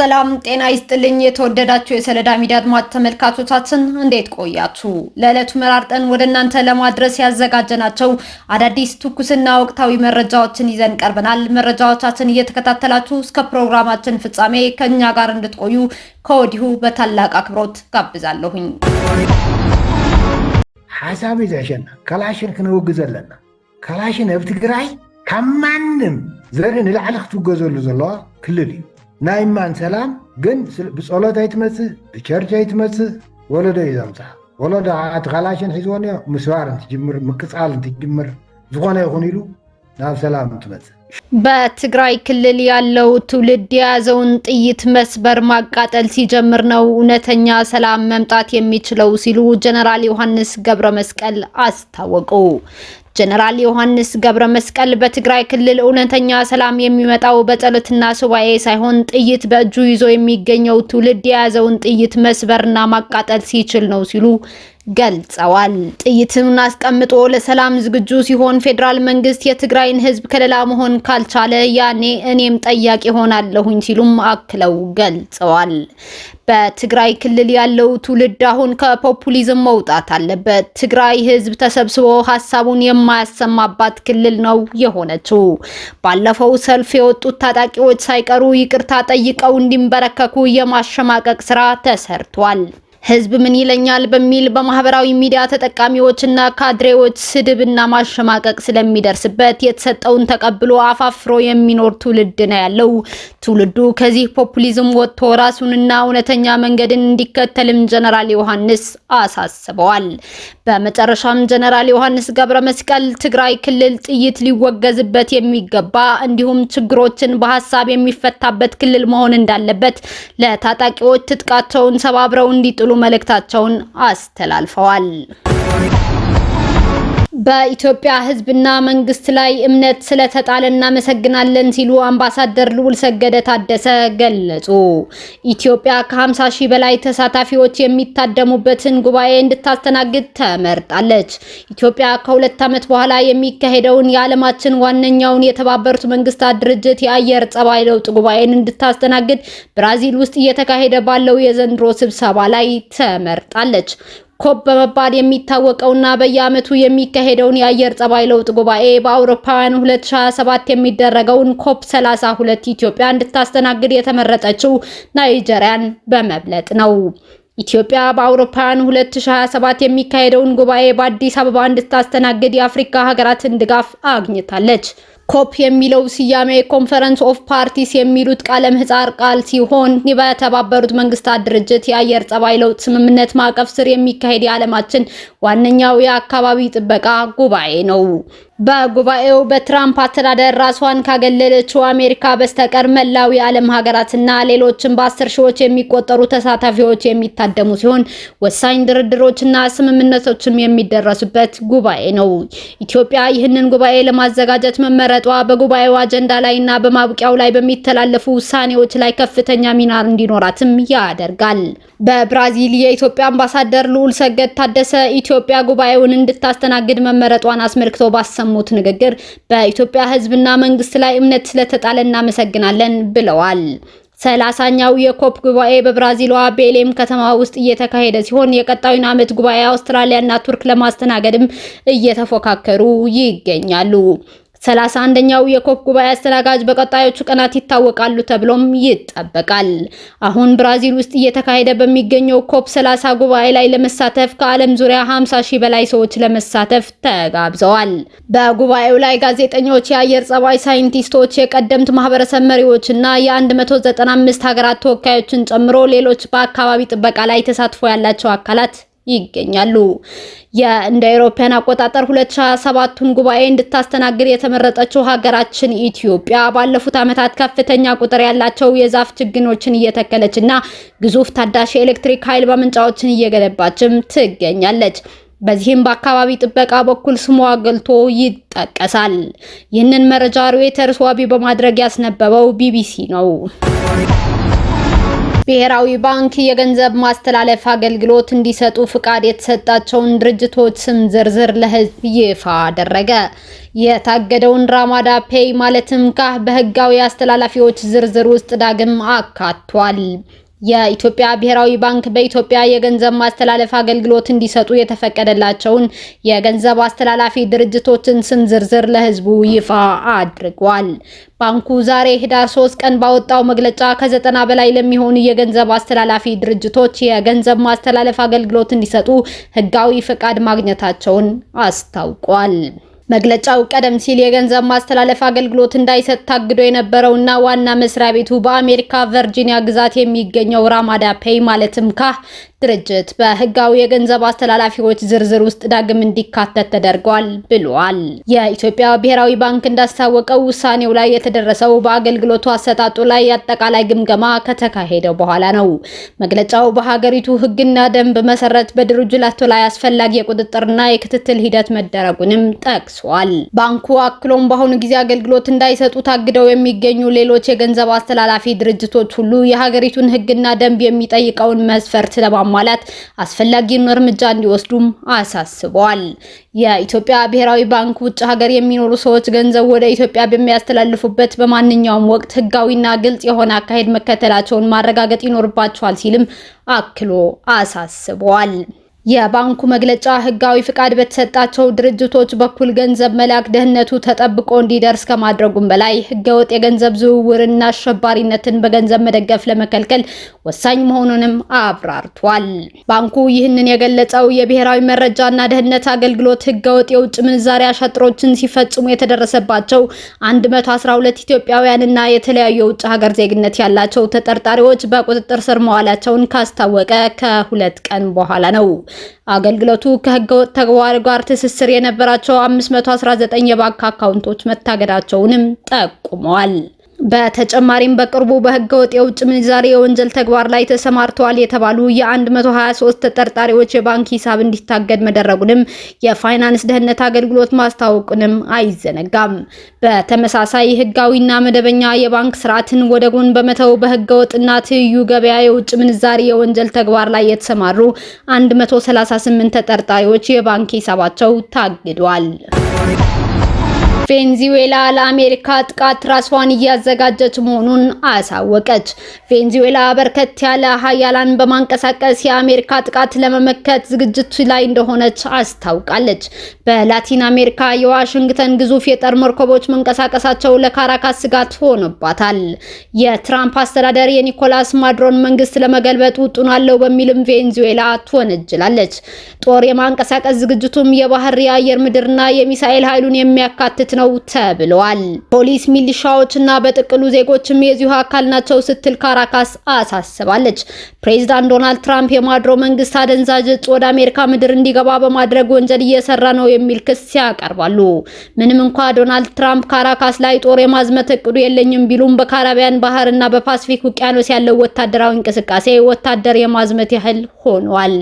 ሰላም ጤና ይስጥልኝ። የተወደዳችሁ የሰለዳ ሚዲያ አድማጭ ተመልካቾቻችን እንዴት ቆያችሁ? ለዕለቱ መራርጠን ወደ እናንተ ለማድረስ ያዘጋጀናቸው አዳዲስ ትኩስና ወቅታዊ መረጃዎችን ይዘን ቀርበናል። መረጃዎቻችን እየተከታተላችሁ እስከ ፕሮግራማችን ፍጻሜ ከእኛ ጋር እንድትቆዩ ከወዲሁ በታላቅ አክብሮት ጋብዛለሁኝ። ሀሳብ ይዘሽና ካላሽን ክንውግዘለና ከላሽን ኣብ ትግራይ ካብ ማንም ዘርኢ ንላዕሊ ክትውገዘሉ ዘለዋ ክልል እዩ ናይማን ሰላም ግን ብፀሎት ኣይትመፅእ ብቸርች ኣይትመፅእ ወለዶ እዩ ዘምፅሓ ወለዶ እቲ ካላሽን ሒዝዎ እኒኦ ምስባር እንትጅምር ምቅፃል እንትጅምር ዝኾነ ይኹን ኢሉ ናብ ሰላም እንትመፅእ በትግራይ ክልል ያለው ትውልድ የያዘውን ጥይት መስበር ማቃጠል ሲጀምር ነው እውነተኛ ሰላም መምጣት የሚችለው ሲሉ ጀነራል ዮሐንስ ገብረ መስቀል አስታወቁ። ጀነራል ዮሐንስ ገብረ መስቀል በትግራይ ክልል እውነተኛ ሰላም የሚመጣው በጸሎትና ሱባኤ ሳይሆን ጥይት በእጁ ይዞ የሚገኘው ትውልድ የያዘውን ጥይት መስበርና ማቃጠል ሲችል ነው ሲሉ ገልጸዋል። ጥይትን አስቀምጦ ለሰላም ዝግጁ ሲሆን ፌዴራል መንግስት የትግራይን ህዝብ ከለላ መሆን ካልቻለ ያኔ እኔም ጠያቂ ሆናለሁኝ ሲሉም አክለው ገልጸዋል። በትግራይ ክልል ያለው ትውልድ አሁን ከፖፑሊዝም መውጣት አለበት። ትግራይ ህዝብ ተሰብስቦ ሀሳቡን የማያሰማባት ክልል ነው የሆነችው። ባለፈው ሰልፍ የወጡት ታጣቂዎች ሳይቀሩ ይቅርታ ጠይቀው እንዲንበረከኩ የማሸማቀቅ ስራ ተሰርቷል። ህዝብ ምን ይለኛል በሚል በማህበራዊ ሚዲያ ተጠቃሚዎችና ካድሬዎች ስድብና ማሸማቀቅ ስለሚደርስበት የተሰጠውን ተቀብሎ አፋፍሮ የሚኖር ትውልድ ነው ያለው። ትውልዱ ከዚህ ፖፑሊዝም ወጥቶ ራሱንና እውነተኛ መንገድን እንዲከተልም ጀነራል ዮሐንስ አሳስበዋል። በመጨረሻም ጀነራል ዮሐንስ ገብረ መስቀል ትግራይ ክልል ጥይት ሊወገዝበት የሚገባ እንዲሁም ችግሮችን በሀሳብ የሚፈታበት ክልል መሆን እንዳለበት፣ ለታጣቂዎች ትጥቃቸውን ሰባብረው እንዲጥሉ ሲሉ መልእክታቸውን አስተላልፈዋል። በኢትዮጵያ ሕዝብና መንግስት ላይ እምነት ስለተጣለ እናመሰግናለን ሲሉ አምባሳደር ልዑል ሰገደ ታደሰ ገለጹ። ኢትዮጵያ ከ50 ሺህ በላይ ተሳታፊዎች የሚታደሙበትን ጉባኤ እንድታስተናግድ ተመርጣለች። ኢትዮጵያ ከሁለት ዓመት በኋላ የሚካሄደውን የዓለማችን ዋነኛውን የተባበሩት መንግስታት ድርጅት የአየር ጸባይ ለውጥ ጉባኤን እንድታስተናግድ ብራዚል ውስጥ እየተካሄደ ባለው የዘንድሮ ስብሰባ ላይ ተመርጣለች። ኮፕ በመባል የሚታወቀውና በየዓመቱ የሚካሄደውን የአየር ጸባይ ለውጥ ጉባኤ በአውሮፓውያን 2027 የሚደረገውን ኮፕ 32 ኢትዮጵያ እንድታስተናግድ የተመረጠችው ናይጀሪያን በመብለጥ ነው። ኢትዮጵያ በአውሮፓውያን 2027 የሚካሄደውን ጉባኤ በአዲስ አበባ እንድታስተናግድ የአፍሪካ ሀገራትን ድጋፍ አግኝታለች። ኮፕ የሚለው ስያሜ ኮንፈረንስ ኦፍ ፓርቲስ የሚሉት ቃለ ምህጻር ቃል ሲሆን በተባበሩት መንግስታት ድርጅት የአየር ጸባይ ለውጥ ስምምነት ማዕቀፍ ስር የሚካሄድ የዓለማችን ዋነኛው የአካባቢ ጥበቃ ጉባኤ ነው። በጉባኤው በትራምፕ አስተዳደር ራሷን ካገለለችው አሜሪካ በስተቀር መላው የዓለም ሀገራትና ሌሎችን በአስር ሺዎች የሚቆጠሩ ተሳታፊዎች የሚታደሙ ሲሆን ወሳኝ ድርድሮችና ስምምነቶችም የሚደረሱበት ጉባኤ ነው። ኢትዮጵያ ይህንን ጉባኤ ለማዘጋጀት መመረጧ በጉባኤው አጀንዳ ላይና በማብቂያው ላይ በሚተላለፉ ውሳኔዎች ላይ ከፍተኛ ሚና እንዲኖራትም ያደርጋል። በብራዚል የኢትዮጵያ አምባሳደር ልዑል ሰገድ ታደሰ ኢትዮጵያ ጉባኤውን እንድታስተናግድ መመረጧን አስመልክቶ ባሰሙ ባሰሙት ንግግር በኢትዮጵያ ሕዝብና መንግስት ላይ እምነት ስለተጣለ እናመሰግናለን ብለዋል። ሰላሳኛው የኮፕ ጉባኤ በብራዚሏ ቤሌም ከተማ ውስጥ እየተካሄደ ሲሆን የቀጣዩን ዓመት ጉባኤ አውስትራሊያና ቱርክ ለማስተናገድም እየተፎካከሩ ይገኛሉ። ሰላሳ አንደኛው የኮፕ ጉባኤ አስተናጋጅ በቀጣዮቹ ቀናት ይታወቃሉ ተብሎም ይጠበቃል። አሁን ብራዚል ውስጥ እየተካሄደ በሚገኘው ኮፕ ሰላሳ ጉባኤ ላይ ለመሳተፍ ከዓለም ዙሪያ 50 ሺህ በላይ ሰዎች ለመሳተፍ ተጋብዘዋል። በጉባኤው ላይ ጋዜጠኞች፣ የአየር ጸባይ ሳይንቲስቶች፣ የቀደምት ማህበረሰብ መሪዎች እና የ195 ሀገራት ተወካዮችን ጨምሮ ሌሎች በአካባቢ ጥበቃ ላይ ተሳትፎ ያላቸው አካላት ይገኛሉ። እንደ አውሮፓውያን አቆጣጠር 2027ቱን ጉባኤ እንድታስተናግድ የተመረጠችው ሀገራችን ኢትዮጵያ ባለፉት ዓመታት ከፍተኛ ቁጥር ያላቸው የዛፍ ችግኞችን እየተከለች እና ግዙፍ ታዳሽ የኤሌክትሪክ ኃይል ማመንጫዎችን እየገነባችም ትገኛለች። በዚህም በአካባቢ ጥበቃ በኩል ስሟ አገልቶ ይጠቀሳል። ይህንን መረጃ ሮይተርስ ዋቢ በማድረግ ያስነበበው ቢቢሲ ነው። ብሔራዊ ባንክ የገንዘብ ማስተላለፍ አገልግሎት እንዲሰጡ ፍቃድ የተሰጣቸውን ድርጅቶች ስም ዝርዝር ለሕዝብ ይፋ አደረገ። የታገደውን ራማዳ ፔይ ማለትም ካህ በህጋዊ አስተላላፊዎች ዝርዝር ውስጥ ዳግም አካቷል። የኢትዮጵያ ብሔራዊ ባንክ በኢትዮጵያ የገንዘብ ማስተላለፍ አገልግሎት እንዲሰጡ የተፈቀደላቸውን የገንዘብ አስተላላፊ ድርጅቶችን ስም ዝርዝር ለሕዝቡ ይፋ አድርጓል። ባንኩ ዛሬ ህዳር 3 ቀን ባወጣው መግለጫ ከዘጠና በላይ ለሚሆኑ የገንዘብ አስተላላፊ ድርጅቶች የገንዘብ ማስተላለፍ አገልግሎት እንዲሰጡ ህጋዊ ፈቃድ ማግኘታቸውን አስታውቋል። መግለጫው ቀደም ሲል የገንዘብ ማስተላለፍ አገልግሎት እንዳይሰጥ ታግዶ የነበረውና ዋና መስሪያ ቤቱ በአሜሪካ ቨርጂኒያ ግዛት የሚገኘው ራማዳ ፔይ ማለትም ካህ ድርጅት በህጋዊ የገንዘብ አስተላላፊዎች ዝርዝር ውስጥ ዳግም እንዲካተት ተደርጓል ብሏል። የኢትዮጵያ ብሔራዊ ባንክ እንዳስታወቀው ውሳኔው ላይ የተደረሰው በአገልግሎቱ አሰጣጡ ላይ አጠቃላይ ግምገማ ከተካሄደ በኋላ ነው። መግለጫው በሀገሪቱ ህግና ደንብ መሰረት በድርጅቱ ላይ አስፈላጊ የቁጥጥርና የክትትል ሂደት መደረጉንም ጠቅሷል። ባንኩ አክሎም በአሁኑ ጊዜ አገልግሎት እንዳይሰጡ ታግደው የሚገኙ ሌሎች የገንዘብ አስተላላፊ ድርጅቶች ሁሉ የሀገሪቱን ህግና ደንብ የሚጠይቀውን መስፈርት ለማ ለማሟላት አስፈላጊውን እርምጃ እንዲወስዱም አሳስበዋል። የኢትዮጵያ ብሔራዊ ባንክ ውጭ ሀገር የሚኖሩ ሰዎች ገንዘብ ወደ ኢትዮጵያ በሚያስተላልፉበት በማንኛውም ወቅት ህጋዊና ግልጽ የሆነ አካሄድ መከተላቸውን ማረጋገጥ ይኖርባቸዋል ሲልም አክሎ አሳስበዋል። የባንኩ መግለጫ ህጋዊ ፍቃድ በተሰጣቸው ድርጅቶች በኩል ገንዘብ መላክ ደህንነቱ ተጠብቆ እንዲደርስ ከማድረጉም በላይ ህገወጥ የገንዘብ ዝውውርና አሸባሪነትን በገንዘብ መደገፍ ለመከልከል ወሳኝ መሆኑንም አብራርቷል። ባንኩ ይህንን የገለጸው የብሔራዊ መረጃና ደህንነት አገልግሎት ህገወጥ የውጭ ምንዛሪ አሻጥሮችን ሲፈጽሙ የተደረሰባቸው 112 ኢትዮጵያውያንና የተለያዩ የውጭ ሀገር ዜግነት ያላቸው ተጠርጣሪዎች በቁጥጥር ስር መዋላቸውን ካስታወቀ ከሁለት ቀን በኋላ ነው። አገልግሎቱ ከህገወጥ ተግባር ጋር ትስስር የነበራቸው 519 የባንክ አካውንቶች መታገዳቸውንም ጠቁመዋል። በተጨማሪም በቅርቡ በህገ ወጥ የውጭ ምንዛሬ የወንጀል ተግባር ላይ ተሰማርተዋል የተባሉ የ123 ተጠርጣሪዎች የባንክ ሂሳብ እንዲታገድ መደረጉንም የፋይናንስ ደህንነት አገልግሎት ማስታወቁንም አይዘነጋም። በተመሳሳይ ህጋዊና መደበኛ የባንክ ስርዓትን ወደ ጎን በመተው ወጥና ትይዩ ገበያ የውጭ ምንዛሬ የወንጀል ተግባር ላይ የተሰማሩ 138 ተጠርጣሪዎች የባንክ ሂሳባቸው ታግዷል። ቬንዙዌላ ለአሜሪካ ጥቃት ራሷን እያዘጋጀች መሆኑን አሳወቀች። ቬንዙዌላ በርከት ያለ ሀያላን በማንቀሳቀስ የአሜሪካ ጥቃት ለመመከት ዝግጅት ላይ እንደሆነች አስታውቃለች። በላቲን አሜሪካ የዋሽንግተን ግዙፍ የጦር መርከቦች መንቀሳቀሳቸው ለካራካስ ስጋት ሆኖባታል። የትራምፕ አስተዳደር የኒኮላስ ማድሮን መንግስት ለመገልበጥ አለው በሚልም ቬንዙዌላ ትወነጅላለች። ጦር የማንቀሳቀስ ዝግጅቱም የባህር፣ የአየር፣ ምድርና የሚሳኤል ኃይሉን የሚያካትት ነው ተብሏል። ፖሊስ፣ ሚሊሻዎችና በጥቅሉ ዜጎችም የዚሁ አካል ናቸው ስትል ካራካስ አሳስባለች። ፕሬዚዳንት ዶናልድ ትራምፕ የማድሮ መንግስት አደንዛዥ እጽ ወደ አሜሪካ ምድር እንዲገባ በማድረግ ወንጀል እየሰራ ነው የሚል ክስ ያቀርባሉ። ምንም እንኳ ዶናልድ ትራምፕ ካራካስ ላይ ጦር የማዝመት እቅዱ የለኝም ቢሉም በካራቢያን ባህርና በፓስፊክ ውቅያኖስ ያለው ወታደራዊ እንቅስቃሴ ወታደር የማዝመት ያህል ሆኗል።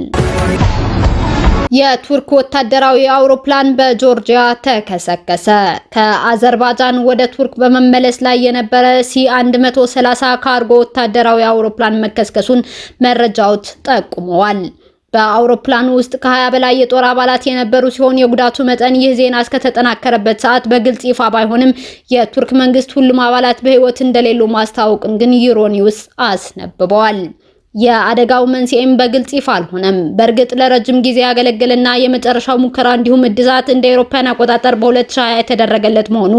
የቱርክ ወታደራዊ አውሮፕላን በጆርጂያ ተከሰከሰ። ከአዘርባጃን ወደ ቱርክ በመመለስ ላይ የነበረ ሲ130 ካርጎ ወታደራዊ አውሮፕላን መከስከሱን መረጃዎች ጠቁመዋል። በአውሮፕላኑ ውስጥ ከ20 በላይ የጦር አባላት የነበሩ ሲሆን የጉዳቱ መጠን ይህ ዜና እስከተጠናከረበት ሰዓት በግልጽ ይፋ ባይሆንም የቱርክ መንግስት ሁሉም አባላት በህይወት እንደሌሉ ማስታወቅን ግን ዩሮኒውስ አስነብበዋል። የአደጋው መንስኤም በግልጽ ይፋ አልሆነም። በእርግጥ ለረጅም ጊዜ ያገለገለና የመጨረሻው ሙከራ እንዲሁም እድሳት እንደ አውሮፓውያን አቆጣጠር በ2020 የተደረገለት መሆኑ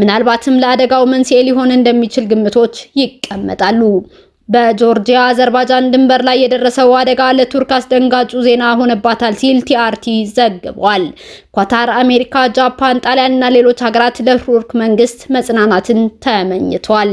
ምናልባትም ለአደጋው መንስኤ ሊሆን እንደሚችል ግምቶች ይቀመጣሉ። በጆርጂያ አዘርባጃን ድንበር ላይ የደረሰው አደጋ ለቱርክ አስደንጋጩ ዜና ሆነባታል ሲል ቲአርቲ ዘግቧል። ኳታር፣ አሜሪካ፣ ጃፓን፣ ጣሊያንና እና ሌሎች ሀገራት ለቱርክ መንግስት መጽናናትን ተመኝቷል።